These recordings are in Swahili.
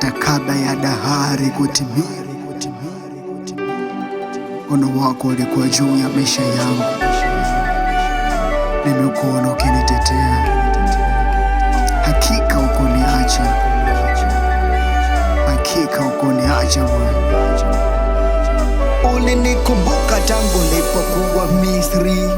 hata kabla ya dahari kutimia. Mkono wako ulikuwa juu ya maisha yangu, nimekuona ukinitetea. Hakika hukuniacha, hakika hukuniacha Bwana. Ulinikumbuka tangu nilipokuwa Misri,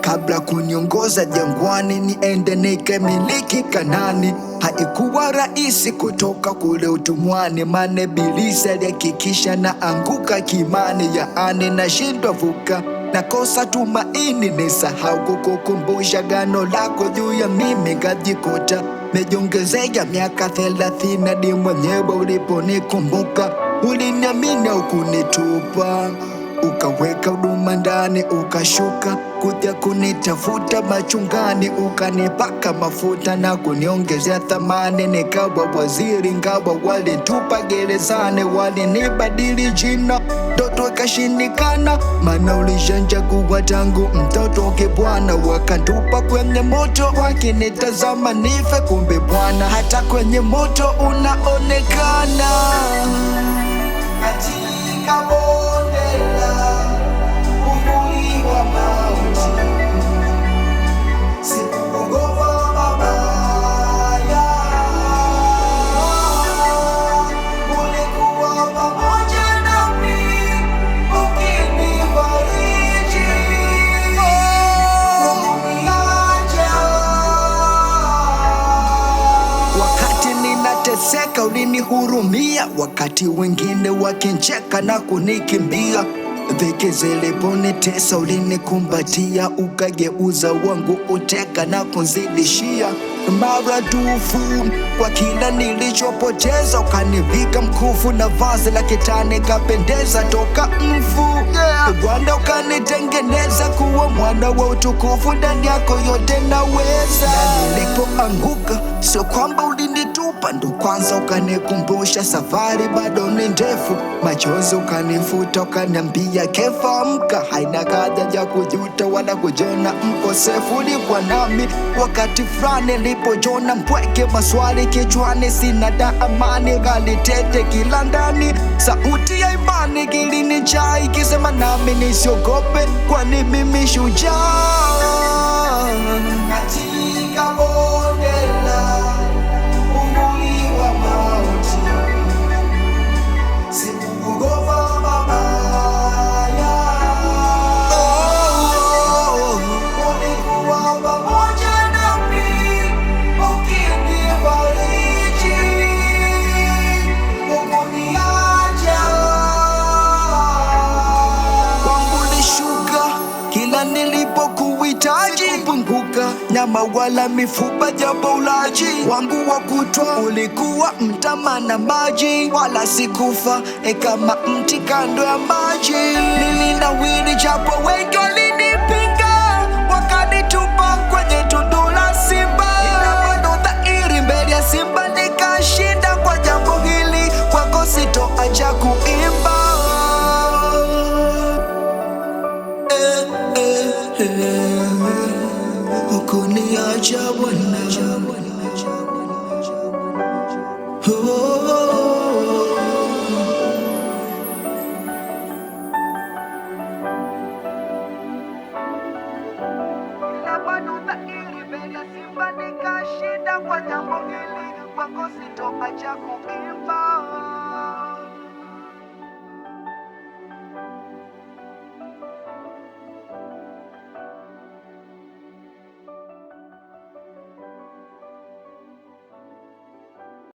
kabla kuniongoza jangwani niende nikamiliki Kanani. Haikuwa rahisi kutoka kule utumwani, mane bilisi alihakikisha na anguka kimani, yaani nashindwa vuka, nakosa tumaini, nisahau kukukumbusha gano lako juu ya mimi, ngajikuta mejiongezea miaka thelathini hadi mwenyewe uliponikumbuka, uliniamini, ukunitupa ukaweka huduma ndani ukashuka kuja kunitafuta machungani, ukanipaka mafuta na kuniongezea thamani, nikawa waziri, ngawa walitupa gerezani, walinibadili jina ndoto ikashindikana, maana kuwa tangu mtoto kibwana, wakatupa kwenye moto wakinitazama nife, kumbe Bwana hata kwenye moto unaonekana. nilivyoteseka ulinihurumia, wakati wengine wakincheka na kunikimbia. Dhiki ziliponitesa ulinikumbatia, ukageuza wangu uteka na kunzidishia maradufu kwa kila nilichopoteza, ukanivika mkufu na vazi la kitani, kapendeza toka mfu Bwana yeah. Ukanitengeneza kuwa mwana wa utukufu, ndani yako yote naweza. Nilipoanguka sio kwamba hapa ndo kwanza ukanikumbusha, safari bado ni ndefu. Machozi ukanifuta ukaniambia, Kefa amka, haina kaja ja kujuta wala kujona mkosefu. Ulikuwa nami wakati fulani nilipojona mpweke, maswali kichwani, sina da amani, ghali tete kila ndani, sauti ya imani jai ikisema nami nisiogope, kwani mimi shujaa katika nyama wala mifupa, japo ulaji wangu wa kutwa ulikuwa mtama na maji, wala sikufa e mti kando ya maji, nilinawiri japo wengi vai te acompanhar.